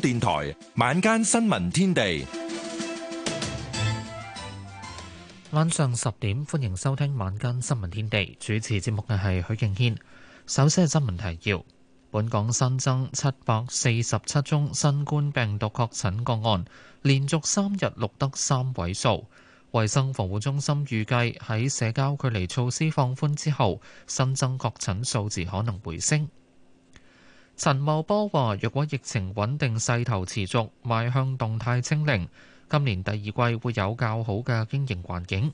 電台晚間新聞天地，晚上十點歡迎收聽晚間新聞天地。主持節目嘅係許敬軒。首先係新聞提要，本港新增七百四十七宗新冠病毒確診個案，連續三日錄得三位數。衛生防護中心預計喺社交距離措施放寬之後，新增確診數字可能回升。陳茂波話，若果疫情穩定，勢頭持續，邁向動態清零，今年第二季會有較好嘅經營環境。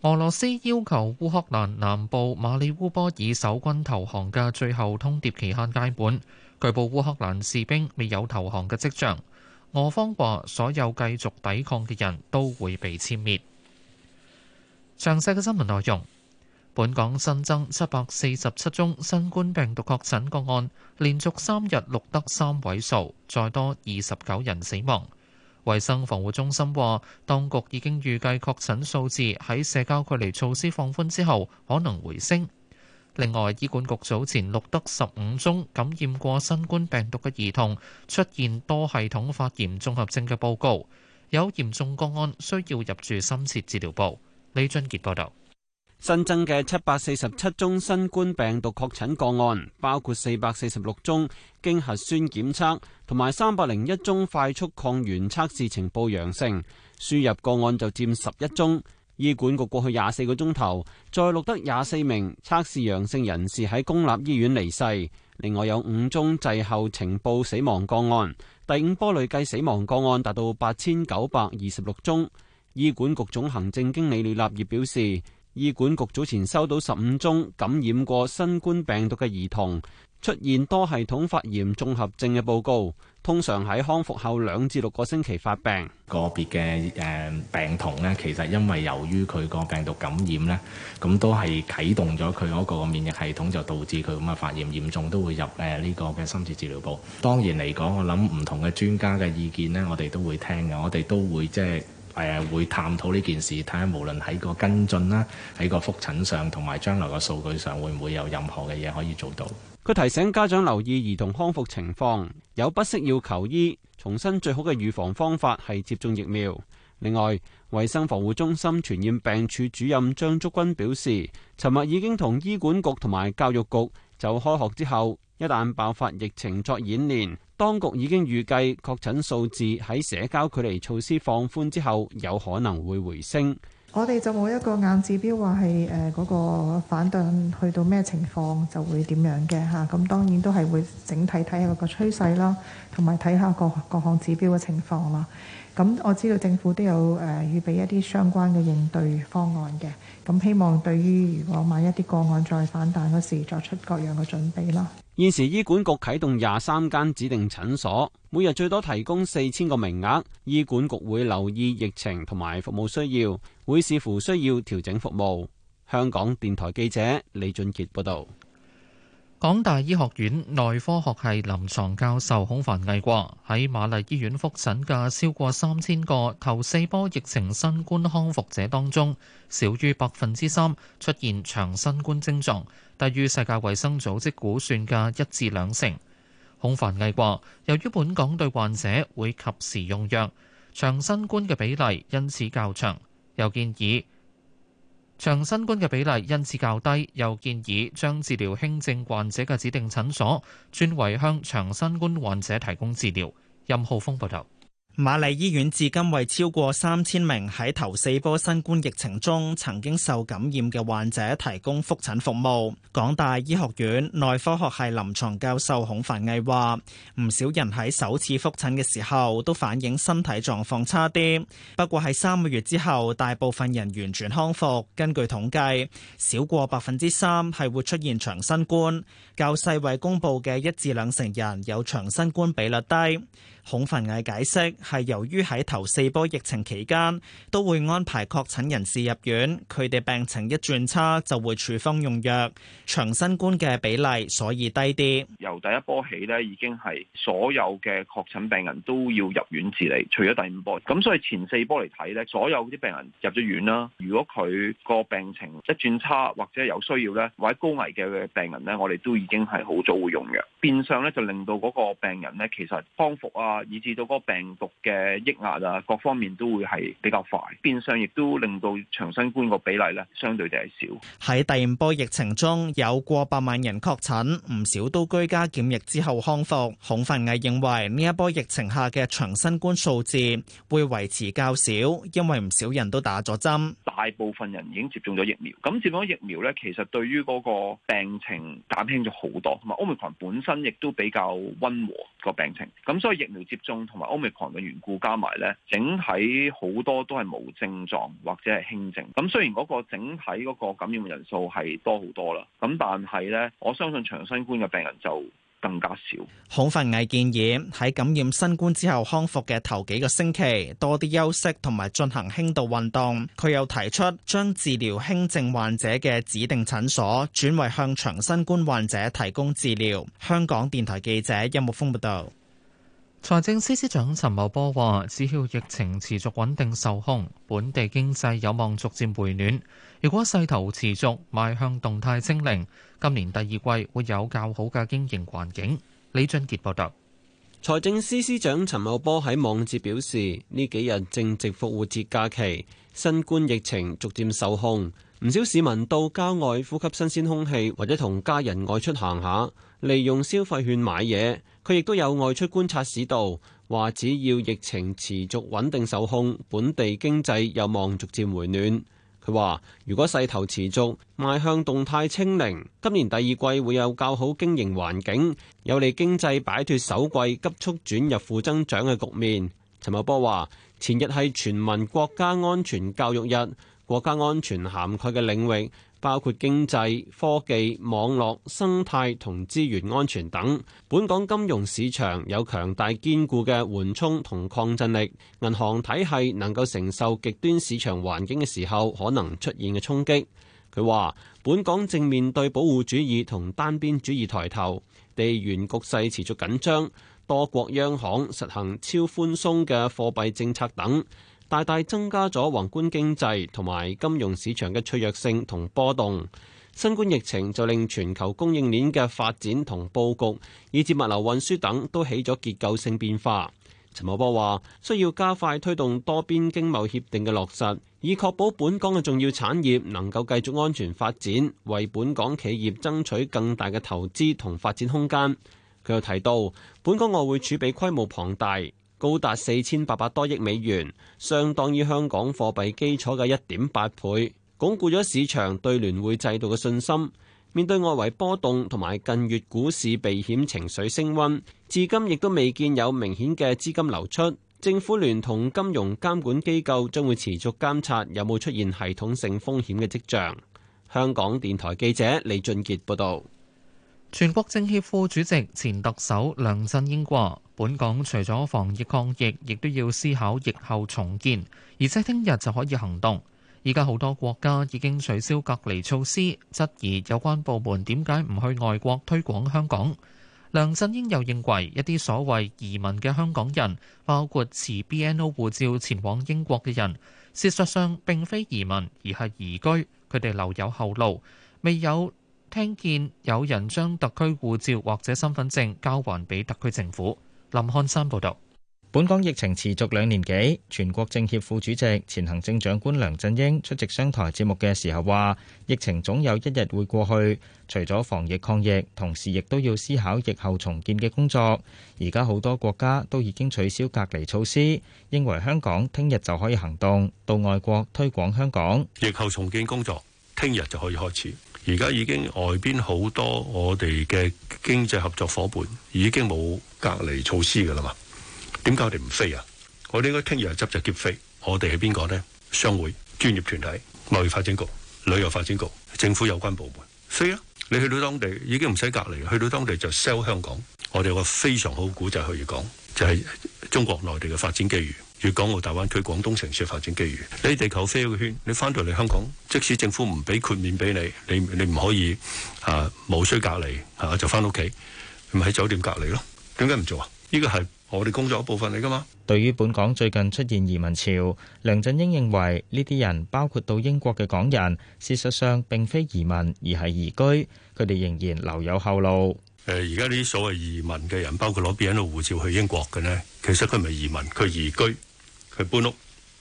俄羅斯要求烏克蘭南部馬里烏波爾守軍投降嘅最後通牒期限屆滿，據報烏克蘭士兵未有投降嘅跡象。俄方話，所有繼續抵抗嘅人都會被殲滅。詳細嘅新聞內容。本港新增七百四十七宗新冠病毒確診個案，連續三日錄得三位數，再多二十九人死亡。衛生防護中心話，當局已經預計確診數字喺社交距離措施放寬之後可能回升。另外，醫管局早前錄得十五宗感染過新冠病毒嘅兒童出現多系統發炎綜合症嘅報告，有嚴重個案需要入住深切治療部。李俊杰報道。新增嘅七百四十七宗新冠病毒確診個案，包括四百四十六宗經核酸檢測，同埋三百零一宗快速抗原測試呈報陽性。輸入個案就佔十一宗。醫管局過去廿四個鐘頭再錄得廿四名測試陽性人士喺公立醫院離世，另外有五宗滯後呈報死亡個案。第五波累計死亡個案達到八千九百二十六宗。醫管局總行政經理李立立業表示。醫管局早前收到十五宗感染過新冠病毒嘅兒童出現多系統發炎綜合症嘅報告，通常喺康復後兩至六個星期發病。個別嘅誒病童呢，其實因為由於佢個病毒感染呢，咁都係啟動咗佢嗰個免疫系統，就導致佢咁啊發炎嚴重，都會入誒呢個嘅深切治療部。當然嚟講，我諗唔同嘅專家嘅意見呢，我哋都會聽嘅，我哋都會即係。係會探討呢件事，睇下無論喺個跟進啦，喺個覆診上，同埋將來個數據上，會唔會有任何嘅嘢可以做到？佢提醒家長留意兒童康復情況，有不適要求醫。重申最好嘅預防方法係接種疫苗。另外，衞生防護中心傳染病處主任張竹君表示，尋日已經同醫管局同埋教育局就開學之後一旦爆發疫情作演練。當局已經預計確診數字喺社交距離措施放寬之後有可能會回升。我哋就冇一個硬指標話係誒，嗰個反彈去到咩情況就會點樣嘅嚇。咁當然都係會整體睇下個趨勢啦，同埋睇下各各項指標嘅情況啦。咁我知道政府都有誒，預備一啲相關嘅應對方案嘅。咁希望對於如果萬一啲個案再反彈嗰時，作出各樣嘅準備啦。現時醫管局啟動廿三間指定診所，每日最多提供四千個名額。醫管局會留意疫情同埋服務需要，會視乎需要調整服務。香港電台記者李俊傑報道。港大醫學院內科學系臨床教授孔凡毅話：喺瑪麗醫院復診嘅超過三千個頭四波疫情新冠康復者當中，少於百分之三出現長新冠症狀，低於世界衛生組織估算嘅一至兩成。孔凡毅話：由於本港對患者會及時用藥，長新冠嘅比例因此較長。又建議。長新冠嘅比例因此較低，又建議將治療輕症患者嘅指定診所轉為向長新冠患者提供治療。任浩峰報道。瑪麗醫院至今為超過三千名喺頭四波新冠疫情中曾經受感染嘅患者提供復診服務。港大醫學院內科學系臨牀教授孔凡毅話：唔少人喺首次復診嘅時候都反映身體狀況差啲，不過喺三個月之後，大部分人完全康復。根據統計，少過百分之三係會出現長新冠。較世衛公布嘅一至兩成人有長新冠比率低，孔繁毅解釋係由於喺頭四波疫情期間都會安排確診人士入院，佢哋病情一轉差就會處方用藥，長新冠嘅比例所以低啲。由第一波起呢，已經係所有嘅確診病人都要入院治理，除咗第五波，咁所以前四波嚟睇呢，所有啲病人入咗院啦。如果佢個病情一轉差或者有需要呢，或者高危嘅病人呢，我哋都已經係好早會用藥，變相咧就令到嗰個病人呢，其實康復啊，以至到嗰個病毒嘅抑壓啊，各方面都會係比較快。變相亦都令到長新冠個比例呢，相對地係少。喺第二波疫情中有過百萬人確診，唔少都居家檢疫之後康復。孔繁毅認為呢一波疫情下嘅長新冠數字會維持較少，因為唔少人都打咗針。大部分人已經接種咗疫苗，咁接種疫苗呢，其實對於嗰個病情減輕咗。好多同埋 Omicron 本身亦都比較溫和個病情，咁所以疫苗接種同埋 Omicron 嘅緣故加埋咧，整體好多都係冇症狀或者係輕症。咁雖然嗰個整體嗰個感染嘅人數係多好多啦，咁但係咧，我相信長新冠嘅病人就。更加少。孔繁毅建議喺感染新冠之後康復嘅頭幾個星期多啲休息同埋進行輕度運動，佢又提出將治療輕症患者嘅指定診所轉為向長新冠患者提供治療。香港電台記者任木豐報道。財政司司長陳茂波話，只要疫情持續穩定受控，本地經濟有望逐漸回暖。如果勢頭持續邁向動態清零，今年第二季會有較好嘅經營環境。李俊杰報道。財政司司長陳茂波喺網誌表示，呢幾日正值復活節假期，新冠疫情逐漸受控，唔少市民到郊外呼吸新鮮空氣，或者同家人外出行下，利用消費券買嘢。佢亦都有外出觀察市道，話只要疫情持續穩定受控，本地經濟有望逐漸回暖。佢話：如果勢頭持續，邁向動態清零，今年第二季會有較好經營環境，有利經濟擺脱首季急速轉入負增長嘅局面。陳茂波話：前日係全民國家安全教育日，國家安全涵蓋嘅領域。包括經濟、科技、網絡、生態同資源安全等。本港金融市場有強大堅固嘅緩衝同抗震力，銀行體系能夠承受極端市場環境嘅時候可能出現嘅衝擊。佢話：本港正面對保護主義同單邊主義抬頭，地緣局勢持續緊張，多國央行實行超寬鬆嘅貨幣政策等。大大增加咗宏觀經濟同埋金融市場嘅脆弱性同波動，新冠疫情就令全球供應鏈嘅發展同布局，以至物流運輸等都起咗結構性變化。陳茂波話需要加快推動多邊經貿協定嘅落實，以確保本港嘅重要產業能夠繼續安全發展，為本港企業爭取更大嘅投資同發展空間，佢又提到，本港外匯儲備規模龐大。高達四千八百多億美元，相當於香港貨幣基礎嘅一點八倍，鞏固咗市場對聯匯制度嘅信心。面對外圍波動同埋近月股市避險情緒升溫，至今亦都未見有明顯嘅資金流出。政府聯同金融監管機構將會持續監察有冇出現系統性風險嘅跡象。香港電台記者李俊傑報導。全國政協副主席，前特首梁振英話。本港除咗防疫抗疫，亦都要思考疫後重建，而且聽日就可以行動，而家好多國家已經取消隔離措施，質疑有關部門點解唔去外國推廣香港。梁振英又認為一啲所謂移民嘅香港人，包括持 BNO 護照前往英國嘅人，事實上並非移民而係移居，佢哋留有後路，未有聽見有人將特區護照或者身份證交還俾特區政府。林漢山報道，本港疫情持續兩年幾，全國政協副主席、前行政長官梁振英出席商台節目嘅時候話，疫情總有一日會過去，除咗防疫抗疫，同時亦都要思考疫後重建嘅工作。而家好多國家都已經取消隔離措施，認為香港聽日就可以行動，到外國推廣香港。疫後重建工作聽日就可以開始。而家已經外邊好多我哋嘅經濟合作伙伴已經冇隔離措施嘅啦嘛？點解我哋唔飛啊？我哋應該聽日執就劫飛。我哋係邊個呢？商會、專業團體、貿易發展局、旅遊發展局、政府有關部門飛啊！你去到當地已經唔使隔離，去到當地就 sell 香港。我哋有個非常好故仔就係可以講，就係、是、中國內地嘅發展機遇。粵港澳大灣區廣東城市發展機遇，你地球飛個圈，你翻到嚟香港，即使政府唔俾豁免俾你，你你唔可以嚇冇需隔離吓就翻屋企，唔喺酒店隔離咯？點解唔做啊？呢個係我哋工作一部分嚟㗎嘛？對於本港最近出現移民潮，梁振英認為呢啲人包括到英國嘅港人，事實上並非移民而係移居，佢哋仍然留有後路。誒、呃，而家呢啲所謂移民嘅人，包括攞邊個護照去英國嘅呢，其實佢唔係移民，佢移居。佢搬屋，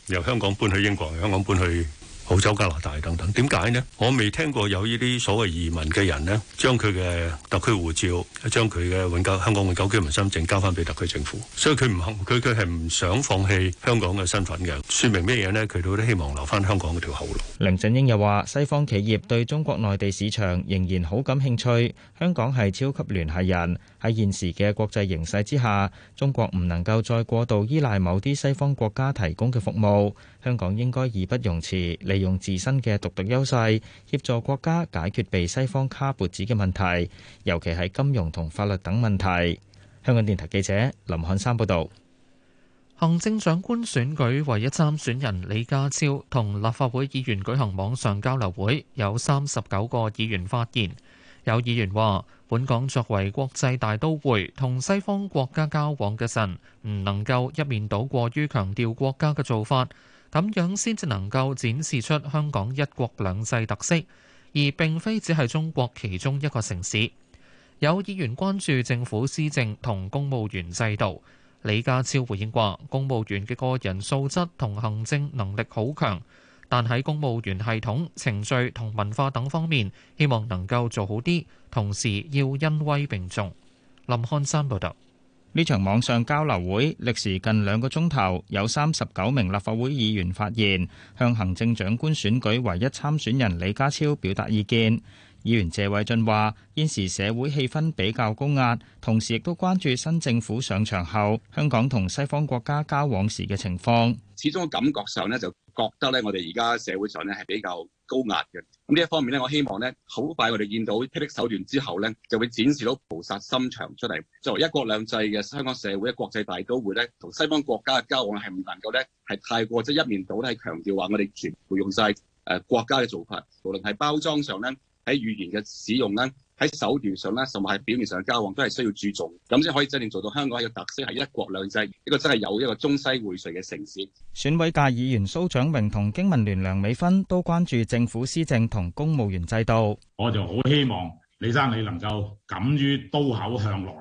由香港搬去英國，由香港搬去澳洲、加拿大等等。點解咧？我未聽過有呢啲所謂移民嘅人咧，將佢嘅特區護照，將佢嘅永久香港永久居民身份證交翻俾特區政府。所以佢唔肯，佢佢係唔想放棄香港嘅身份嘅。説明咩嘢咧？佢都希望留翻香港嗰條後路。梁振英又話：西方企業對中國內地市場仍然好感興趣，香港係超級聯繫人。喺現時嘅國際形勢之下，中國唔能夠再過度依賴某啲西方國家提供嘅服務。香港應該義不容辭，利用自身嘅獨特優勢，協助國家解決被西方卡脖子嘅問題，尤其係金融同法律等問題。香港電台記者林漢山報道。行政長官選舉唯一參選人李家超同立法會議員舉行網上交流會，有三十九個議員發言。有議員話，本港作為國際大都會，同西方國家交往嘅神唔能夠一面倒，過於強調國家嘅做法，咁樣先至能夠展示出香港一國兩制特色，而並非只係中國其中一個城市。有議員關注政府施政同公務員制度，李家超回應話，公務員嘅個人素質同行政能力好強。但喺公務員系統程序同文化等方面，希望能夠做好啲，同時要恩威並重。林漢山報導，呢場網上交流會歷時近兩個鐘頭，有三十九名立法會議員發言，向行政長官選舉唯一參選人李家超表達意見。議員謝偉俊話：現時社會氣氛比較高壓，同時亦都關注新政府上場後，香港同西方國家交往時嘅情況。始終感覺上咧，就覺得咧，我哋而家社會上咧係比較高壓嘅。咁呢一方面咧，我希望咧，好快我哋見到霹靂手段之後咧，就會展示到菩薩心腸出嚟。作為一國兩制嘅香港社會嘅國際大都會咧，同西方國家嘅交往係唔能夠咧係太過即係、就是、一面倒，係強調話我哋全部用晒誒國家嘅做法，無論係包裝上咧。喺語言嘅使用咧，喺手段上咧，同埋喺表面上嘅交往，都係需要注重，咁先可以制定做到香港一個特色，係一國兩制，呢個真係有一個中西匯萃嘅城市。選委界議員蘇長榮同經民聯梁美芬都關注政府施政同公務員制度。我就好希望李生你能夠敢於刀口向內，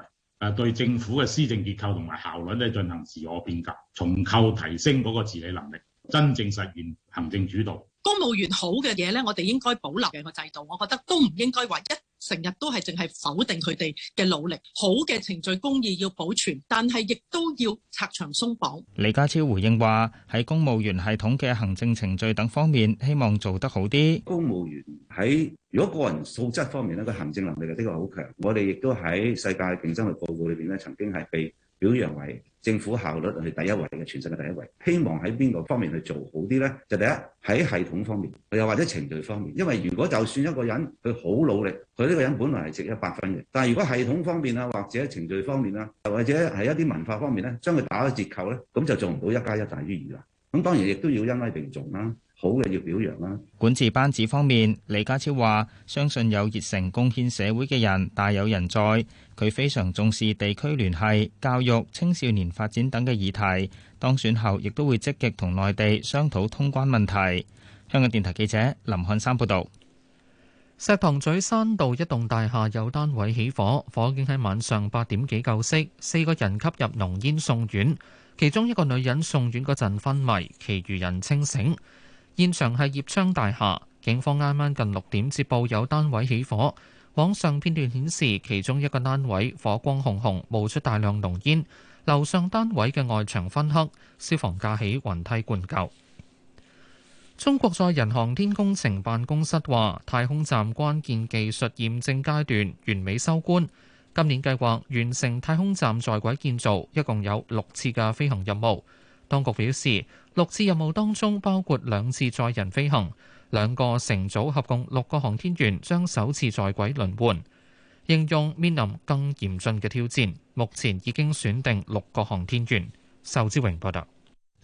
誒對政府嘅施政結構同埋效率咧進行自我變革，重構提升嗰個治理能力，真正實現行政主導。公務員好嘅嘢咧，我哋應該保留嘅，嗰個制度，我覺得都唔應該話一成日都係淨係否定佢哋嘅努力。好嘅程序公義要保存，但係亦都要拆牆鬆綁。李家超回應話：喺公務員系統嘅行政程序等方面，希望做得好啲。公務員喺如果個人素質方面咧，嗰個行政能力嘅的確好強。我哋亦都喺世界競爭力報告裏邊咧，曾經係被表揚為政府效率係第一位嘅，全世界第一位。希望喺邊個方面去做好啲呢？就第一喺系統方面，又或者程序方面。因為如果就算一個人佢好努力，佢呢個人本來係值一百分嘅，但係如果系統方面啊，或者程序方面啦，又或者係一啲文化方面呢，將佢打個折扣呢，咁就做唔到一加一大於二啦。咁當然亦都要恩威並重啦，好嘅要表揚啦。管治班子方面，李家超話：相信有熱誠貢獻社會嘅人，大有人在。佢非常重視地區聯繫、教育、青少年發展等嘅議題。當選後，亦都會積極同內地商討通關問題。香港電台記者林漢山報道：「石塘咀山道一棟大廈有單位起火，火警喺晚上八點幾救熄，四個人吸入濃煙送院，其中一個女人送院嗰陣昏迷，其餘人清醒。現場係葉昌大廈，警方啱啱近六點接報有單位起火。網上片段顯示，其中一個單位火光熊熊，冒出大量濃煙，樓上單位嘅外牆燻黑，消防架起雲梯灌救。中國載人航天工程辦公室話，太空站關鍵技術驗證階段完美收官，今年計劃完成太空站在軌建造，一共有六次嘅飛行任務。當局表示，六次任務當中包括兩次載人飛行。兩個乘組合共六個航天員將首次在軌輪換，應用面臨更嚴峻嘅挑戰。目前已經選定六個航天員。仇志榮報道。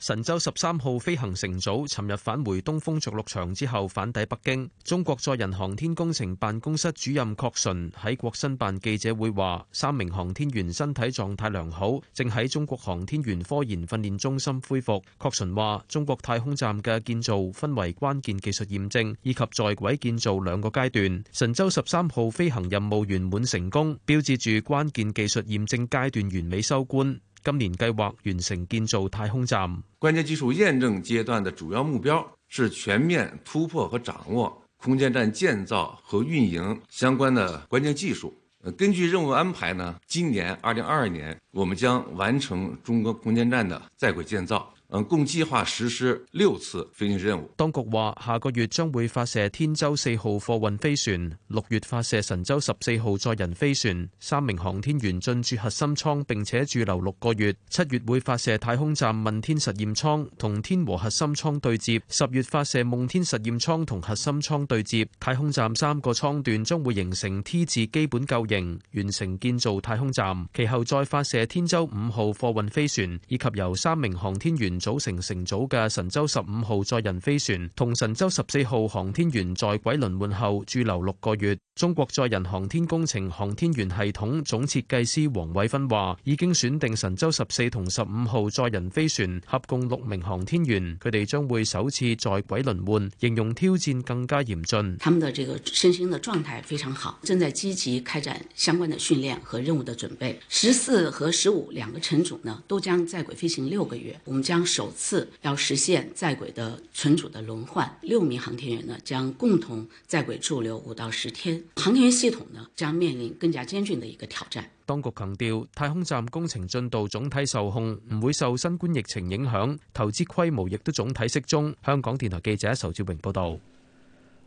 神舟十三號飛行乘組，尋日返回東風着陸場之後返抵北京。中國載人航天工程辦公室主任郝淳喺國新辦記者會話：三名航天員身體狀態良好，正喺中國航天員科研訓練中心恢復。郝淳話：中國太空站嘅建造分為關鍵技術驗證以及在軌建造兩個階段。神舟十三號飛行任務圓滿成功，標誌住關鍵技術驗證階段完美收官。今年計劃完成建造太空站。關鍵技術驗證階段的主要目標是全面突破和掌握空間站建造和運營相關的關鍵技術。根據任務安排呢，今年二零二二年我們將完成中國空間站的在軌建造。嗯，共計劃實施六次飛行任務。當局話下個月將會發射天舟四號貨運飛船，六月發射神舟十四號載人飛船，三名航天員進駐核心艙並且駐留六個月。七月會發射太空站問天實驗艙同天和核心艙對接，十月發射夢天實驗艙同核心艙對接，太空站三個艙段將會形成 T 字基本構型，完成建造太空站。其後再發射天舟五號貨運飛船，以及由三名航天員。組成成組嘅神舟十五號載人飛船同神舟十四號航天員在軌輪換後駐留六個月。中國載人航天工程航天員系統總設計師黃偉芬話：已經選定神舟十四同十五號載人飛船合共六名航天員，佢哋將會首次在軌輪換，形容挑戰更加嚴峻。他們的這個身心的狀態非常好，正在積極開展相關的訓練和任務的準備。十四和十五兩個乘組呢都將在軌飛行六個月，我們將。首次要實現在軌的乘組的輪換，六名航天員呢將共同在軌駐留五到十天，航天員系統呢將面臨更加艱鉅的一個挑戰。當局強調，太空站工程進度總體受控，唔會受新冠疫情影響，投資規模亦都總體適中。香港電台記者仇志榮報道。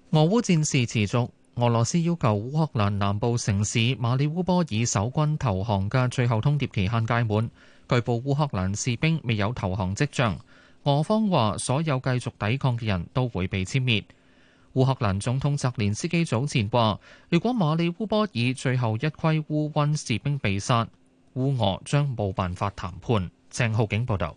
俄烏戰事持續，俄羅斯要求烏克蘭南部城市馬里烏波爾守軍投降嘅最後通牒期限屆滿。據報烏克蘭士兵未有投降跡象，俄方話所有繼續抵抗嘅人都會被殲滅。烏克蘭總統澤連斯基早前話，如果馬里烏波爾最後一羣烏軍士兵被殺，烏俄將冇辦法談判。鄭浩景報導。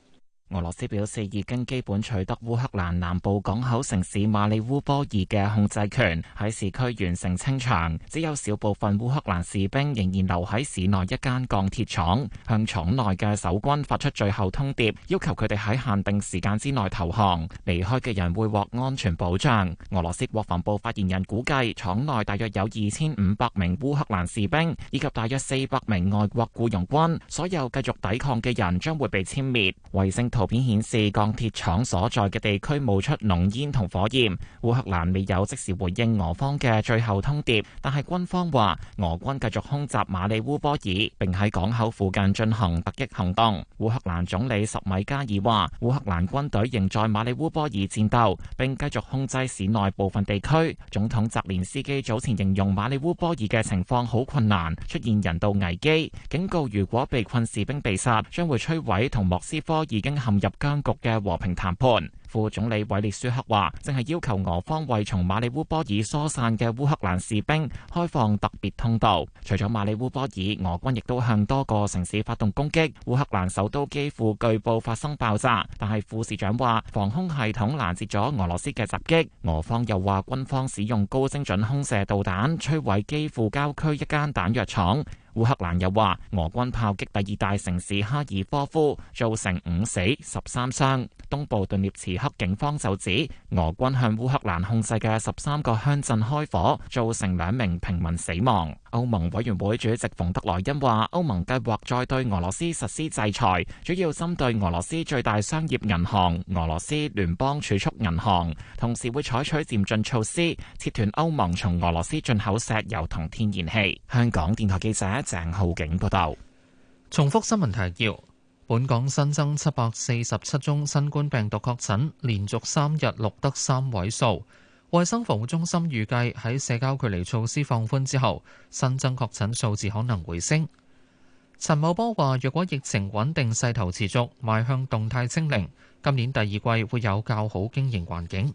俄羅斯表示已經基本取得烏克蘭南部港口城市馬里烏波爾嘅控制權，喺市區完成清場，只有少部分烏克蘭士兵仍然留喺市內一間鋼鐵廠，向廠內嘅守軍發出最後通牒，要求佢哋喺限定時間之內投降，離開嘅人會獲安全保障。俄羅斯國防部發言人估計，廠內大約有二千五百名烏克蘭士兵以及大約四百名外國僱傭軍，所有繼續抵抗嘅人將會被殲滅。衛星。圖片顯示鋼鐵廠所在嘅地區冒出濃煙同火焰。烏克蘭未有即時回應俄方嘅最後通牒，但係軍方話俄軍繼續空襲馬里烏波爾，並喺港口附近進行突擊行動。烏克蘭總理什米加爾話：烏克蘭軍隊仍在馬里烏波爾戰鬥，並繼續控制市內部分地區。總統澤連斯基早前形容馬里烏波爾嘅情況好困難，出現人道危機，警告如果被困士兵被殺，將會摧毀同莫斯科已經。陷入僵局嘅和平談判，副總理韋列舒克話，正係要求俄方為從馬里烏波爾疏散嘅烏克蘭士兵開放特別通道。除咗馬里烏波爾，俄軍亦都向多個城市發動攻擊，烏克蘭首都基輔據報發生爆炸，但係副市長話防空系統攔截咗俄羅斯嘅襲擊。俄方又話軍方使用高精準空射導彈摧毀基輔郊區一間彈藥廠。烏克蘭又話，俄軍炮擊第二大城市哈爾科夫，造成五死十三傷。東部頓涅茨克警方就指，俄軍向烏克蘭控制嘅十三個鄉鎮開火，造成兩名平民死亡。歐盟委員會主席馮德萊恩話，歐盟計劃再對俄羅斯實施制裁，主要針對俄羅斯最大商業銀行俄羅斯聯邦儲蓄銀行，同時會採取漸進措施，切斷歐盟從俄羅斯進口石油同天然氣。香港電台記者鄭浩景報道。重複新聞提要：本港新增七百四十七宗新冠病毒確診，連續三日錄得三位數。衛生防護中心預計喺社交距離措施放寬之後，新增確診數字可能回升。陳茂波話，若果疫情穩定勢頭持續，邁向動態清零，今年第二季會有較好經營環境。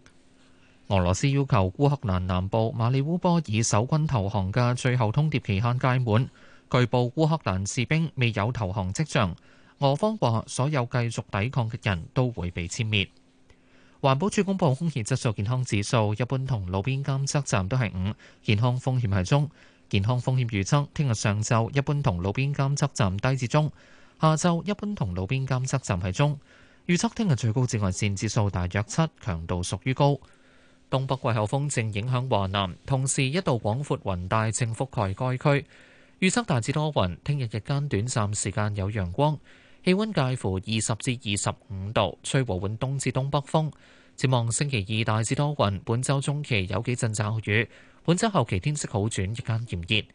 俄羅斯要求烏克蘭南部馬里烏波爾守軍投降嘅最後通牒期限屆滿，據報烏克蘭士兵未有投降跡象。俄方話，所有繼續抵抗嘅人都會被殲滅。環保署公布空氣質素健康指數，一般同路邊監測站都係五，健康風險係中。健康風險預測，聽日上晝一般同路邊監測站低至中，下晝一般同路邊監測站係中。預測聽日最高紫外線指數大約七，強度屬於高。東北季候風正影響華南，同時一道廣闊雲帶正覆蓋該區。預測大致多雲，聽日日間短暫時間有陽光。氣温介乎二十至二十五度，吹和緩東至東北風。展望星期二大致多雲，本周中期有幾陣驟雨，本周後期天色好轉，日間炎熱。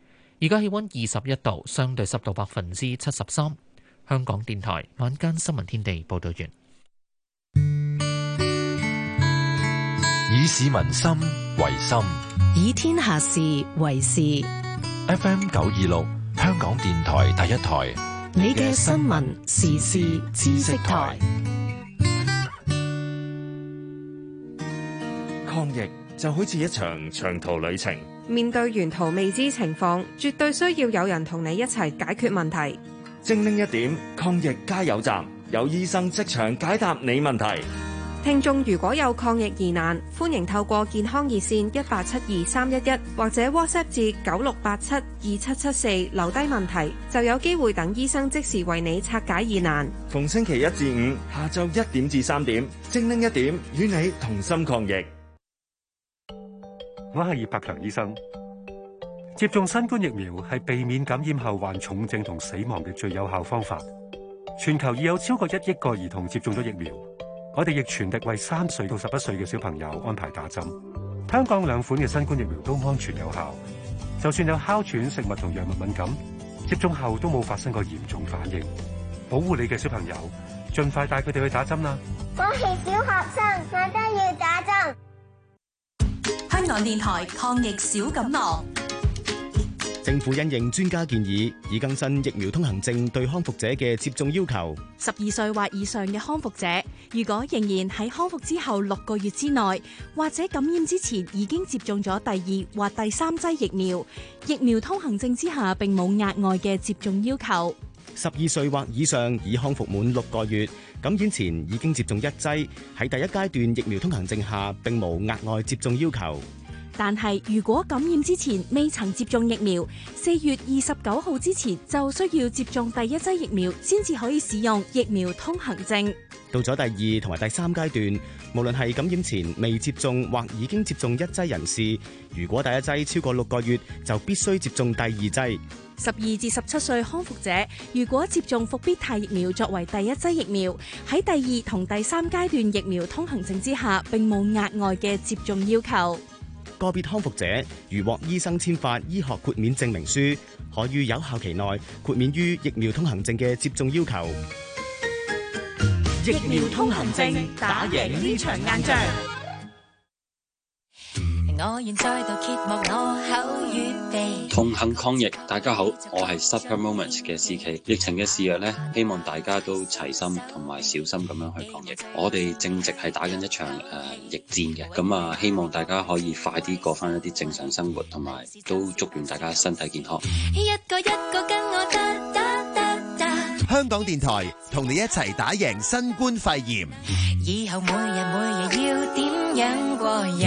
而家氣温二十一度，相對濕度百分之七十三。香港電台晚間新聞天地報道完。以市民心為心，以天下事為事。FM 九二六，香港電台第一台。你嘅新聞時事知識台，抗疫就好似一場長途旅程，面對沿途未知情況，絕對需要有人同你一齊解決問題。精靈一點，抗疫加油站，有醫生即場解答你問題。聽眾如果有抗疫疑難，歡迎透過健康熱線一八七二三一一或者 WhatsApp 至九六八七二七七四留低問題，就有機會等醫生即時為你拆解疑難。逢星期一至五下晝一點至三點，精靈一點，與你同心抗疫。我係葉柏強醫生。接種新冠疫苗係避免感染後患重症同死亡嘅最有效方法。全球已有超過一億個兒童接種咗疫苗。我哋亦全力為三歲到十一歲嘅小朋友安排打針。香港兩款嘅新冠疫苗都安全有效，就算有哮喘、食物同藥物敏感，接種後都冇發生過嚴重反應。保護你嘅小朋友，盡快帶佢哋去打針啦！我係小學生，我都要打針。香港電臺抗疫小錦囊。政府因應專家建議，已更新疫苗通行證對康復者嘅接種要求。十二歲或以上嘅康復者，如果仍然喺康復之後六個月之內，或者感染之前已經接種咗第二或第三劑疫苗，疫苗通行證之下並冇額外嘅接種要求。十二歲或以上已康復滿六個月，感染前已經接種一劑，喺第一階段疫苗通行證下，並冇額外接種要求。但係，如果感染之前未曾接種疫苗，四月二十九號之前就需要接種第一劑疫苗，先至可以使用疫苗通行證。到咗第二同埋第三階段，無論係感染前未接種或已經接種一劑人士，如果第一劑超過六個月，就必須接種第二劑。十二至十七歲康復者如果接種復必泰疫苗作為第一劑疫苗，喺第二同第三階段疫苗通行證之下，並冇額外嘅接種要求。個別康復者如獲醫生簽發醫學豁免證明書，可於有效期內豁免於疫苗通行證嘅接種要求。疫苗通行證，打贏呢場硬仗。我我揭幕。口同肯抗疫，大家好，我係 Super Moments 嘅思琪。疫情嘅時日呢，希望大家都齊心同埋小心咁樣去抗疫。我哋正值係打緊一場誒、呃、疫戰嘅，咁啊，希望大家可以快啲過翻一啲正常生活，同埋都祝願大家身體健康。一個一個跟我得得得得，香港電台同你一齊打贏新冠肺炎。以後每日每日要點樣過悠？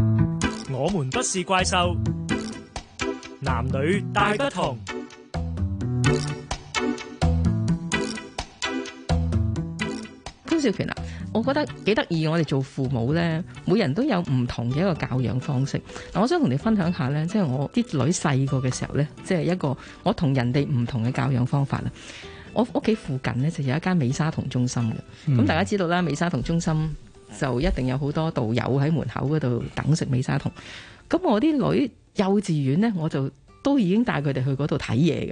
我們不是怪獸，男女大不同。潘少權啊，我覺得幾得意。我哋做父母呢，每人都有唔同嘅一個教養方式。嗱、呃，我想同你分享下呢，即係我啲女細個嘅時候呢，即係一個我同人哋唔同嘅教養方法啦。我屋企附近呢，就有一間美沙酮中心嘅，咁大家知道啦，嗯、美沙酮中心。就一定有好多道友喺門口嗰度等食美沙酮。咁我啲女幼稚園咧，我就都已經帶佢哋去嗰度睇嘢嘅。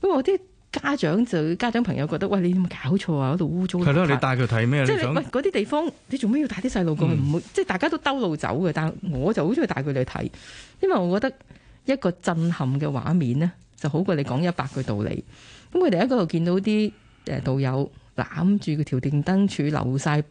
咁我啲家長就家長朋友覺得，喂，你點搞錯啊！度污糟。係咯，你帶佢睇咩咧？即係你想喂嗰啲地方，你做咩要帶啲細路過去？唔會、嗯、即係大家都兜路走嘅。但係我就好中意帶佢哋睇，因為我覺得一個震撼嘅畫面咧，就好過你講一百句道理。咁佢哋喺嗰度見到啲誒道友攬住個條電燈柱，流晒鼻。